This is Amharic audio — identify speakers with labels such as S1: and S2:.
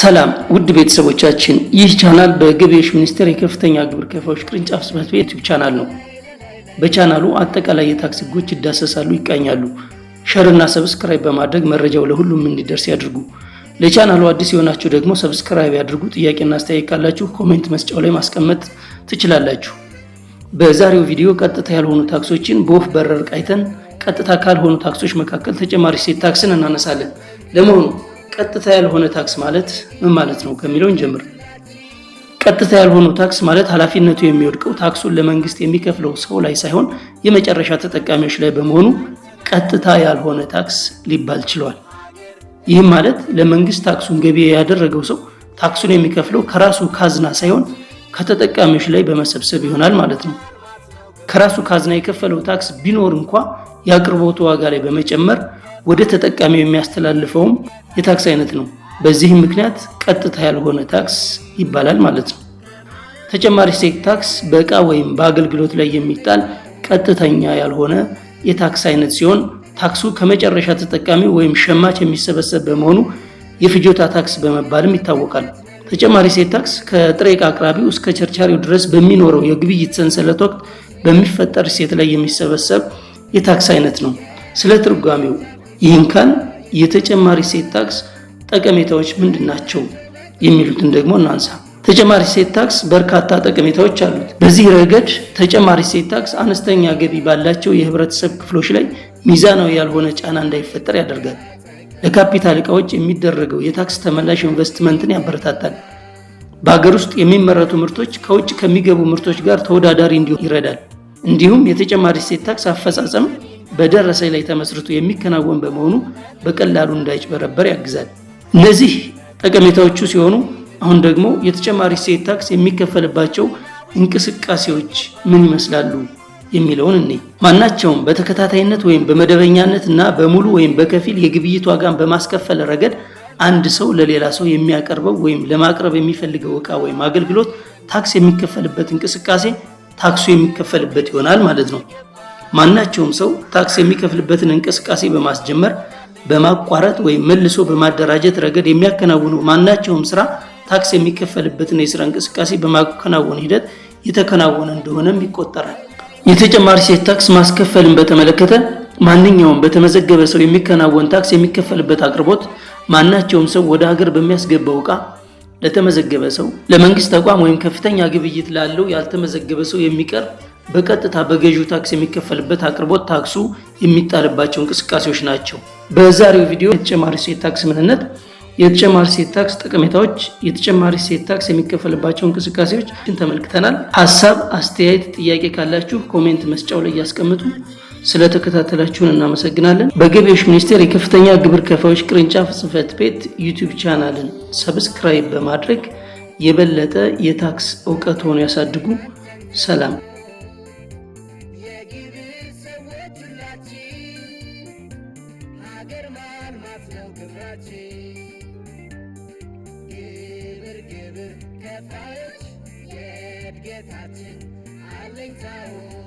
S1: ሰላም ውድ ቤተሰቦቻችን፣ ይህ ቻናል በገቢዎች ሚኒስቴር የከፍተኛ ግብር ከፋዮች ቅርንጫፍ ጽሕፈት ቤት ዩቲዩብ ቻናል ነው። በቻናሉ አጠቃላይ የታክስ ህጎች ይዳሰሳሉ፣ ይቃኛሉ። ሸርና ሰብስክራይብ በማድረግ መረጃው ለሁሉም እንዲደርስ ያድርጉ። ለቻናሉ አዲስ የሆናችሁ ደግሞ ሰብስክራይብ ያድርጉ። ጥያቄና አስተያየት ካላችሁ ኮሜንት መስጫው ላይ ማስቀመጥ ትችላላችሁ። በዛሬው ቪዲዮ ቀጥታ ያልሆኑ ታክሶችን በወፍ በረር ቃይተን ቀጥታ ካልሆኑ ታክሶች መካከል ተጨማሪ እሴት ታክስን እናነሳለን። ለመሆኑ ቀጥታ ያልሆነ ታክስ ማለት ምን ማለት ነው ከሚለው እንጀምር። ቀጥታ ያልሆነው ታክስ ማለት ኃላፊነቱ የሚወድቀው ታክሱን ለመንግስት የሚከፍለው ሰው ላይ ሳይሆን የመጨረሻ ተጠቃሚዎች ላይ በመሆኑ ቀጥታ ያልሆነ ታክስ ሊባል ችሏል። ይህም ማለት ለመንግስት ታክሱን ገቢ ያደረገው ሰው ታክሱን የሚከፍለው ከራሱ ካዝና ሳይሆን ከተጠቃሚዎች ላይ በመሰብሰብ ይሆናል ማለት ነው። ከራሱ ካዝና የከፈለው ታክስ ቢኖር እንኳ የአቅርቦቱ ዋጋ ላይ በመጨመር ወደ ተጠቃሚው የሚያስተላልፈውም የታክስ አይነት ነው። በዚህም ምክንያት ቀጥታ ያልሆነ ታክስ ይባላል ማለት ነው። ተጨማሪ እሴት ታክስ በእቃ ወይም በአገልግሎት ላይ የሚጣል ቀጥተኛ ያልሆነ የታክስ አይነት ሲሆን ታክሱ ከመጨረሻ ተጠቃሚ ወይም ሸማች የሚሰበሰብ በመሆኑ የፍጆታ ታክስ በመባልም ይታወቃል። ተጨማሪ እሴት ታክስ ከጥሬ አቅራቢው እስከ ቸርቻሪው ድረስ በሚኖረው የግብይት ሰንሰለት ወቅት በሚፈጠር እሴት ላይ የሚሰበሰብ የታክስ አይነት ነው። ስለ ትርጓሜው ይህን ካል የተጨማሪ እሴት ታክስ ጠቀሜታዎች ምንድን ናቸው የሚሉትን ደግሞ እናንሳ። ተጨማሪ እሴት ታክስ በርካታ ጠቀሜታዎች አሉት። በዚህ ረገድ ተጨማሪ እሴት ታክስ አነስተኛ ገቢ ባላቸው የህብረተሰብ ክፍሎች ላይ ሚዛናዊ ያልሆነ ጫና እንዳይፈጠር ያደርጋል። ለካፒታል እቃዎች የሚደረገው የታክስ ተመላሽ ኢንቨስትመንትን ያበረታታል። በሀገር ውስጥ የሚመረቱ ምርቶች ከውጭ ከሚገቡ ምርቶች ጋር ተወዳዳሪ እንዲሆን ይረዳል። እንዲሁም የተጨማሪ እሴት ታክስ አፈጻጸም በደረሰኝ ላይ ተመስርቶ የሚከናወን በመሆኑ በቀላሉ እንዳይጭበረበር ያግዛል። እነዚህ ጠቀሜታዎቹ ሲሆኑ አሁን ደግሞ የተጨማሪ እሴት ታክስ የሚከፈልባቸው እንቅስቃሴዎች ምን ይመስላሉ የሚለውን እኔ ማናቸውም በተከታታይነት ወይም በመደበኛነት እና በሙሉ ወይም በከፊል የግብይት ዋጋን በማስከፈል ረገድ አንድ ሰው ለሌላ ሰው የሚያቀርበው ወይም ለማቅረብ የሚፈልገው እቃ ወይም አገልግሎት ታክስ የሚከፈልበት እንቅስቃሴ ታክሱ የሚከፈልበት ይሆናል ማለት ነው። ማናቸውም ሰው ታክስ የሚከፍልበትን እንቅስቃሴ በማስጀመር በማቋረጥ ወይም መልሶ በማደራጀት ረገድ የሚያከናውኑ ማናቸውም ስራ ታክስ የሚከፈልበትን የስራ እንቅስቃሴ በማከናወን ሂደት የተከናወነ እንደሆነም ይቆጠራል። የተጨማሪ እሴት ታክስ ማስከፈልን በተመለከተ ማንኛውም በተመዘገበ ሰው የሚከናወን ታክስ የሚከፈልበት አቅርቦት ማናቸውም ሰው ወደ ሀገር በሚያስገባው እቃ ለተመዘገበ ሰው፣ ለመንግስት ተቋም ወይም ከፍተኛ ግብይት ላለው ያልተመዘገበ ሰው የሚቀርብ በቀጥታ በገዢው ታክስ የሚከፈልበት አቅርቦት ታክሱ የሚጣልባቸው እንቅስቃሴዎች ናቸው። በዛሬው ቪዲዮ የተጨማሪ እሴት ታክስ ምንነት፣ የተጨማሪ እሴት ታክስ ጠቀሜታዎች፣ የተጨማሪ እሴት ታክስ የሚከፈልባቸው እንቅስቃሴዎችን ተመልክተናል። ሀሳብ፣ አስተያየት፣ ጥያቄ ካላችሁ ኮሜንት መስጫው ላይ እያስቀምጡ። ስለተከታተላችሁን እናመሰግናለን። በገቢዎች ሚኒስቴር የከፍተኛ ግብር ከፋዮች ቅርንጫፍ ጽህፈት ቤት ዩቲዩብ ቻናልን ሰብስክራይብ በማድረግ የበለጠ የታክስ እውቀት ሆኖ ያሳድጉ። ሰላም ግብራችን ሀገር ማልማት ነው ግብራችን። ግብር ግብር ከፋዮች የእድገታችን አለኝታው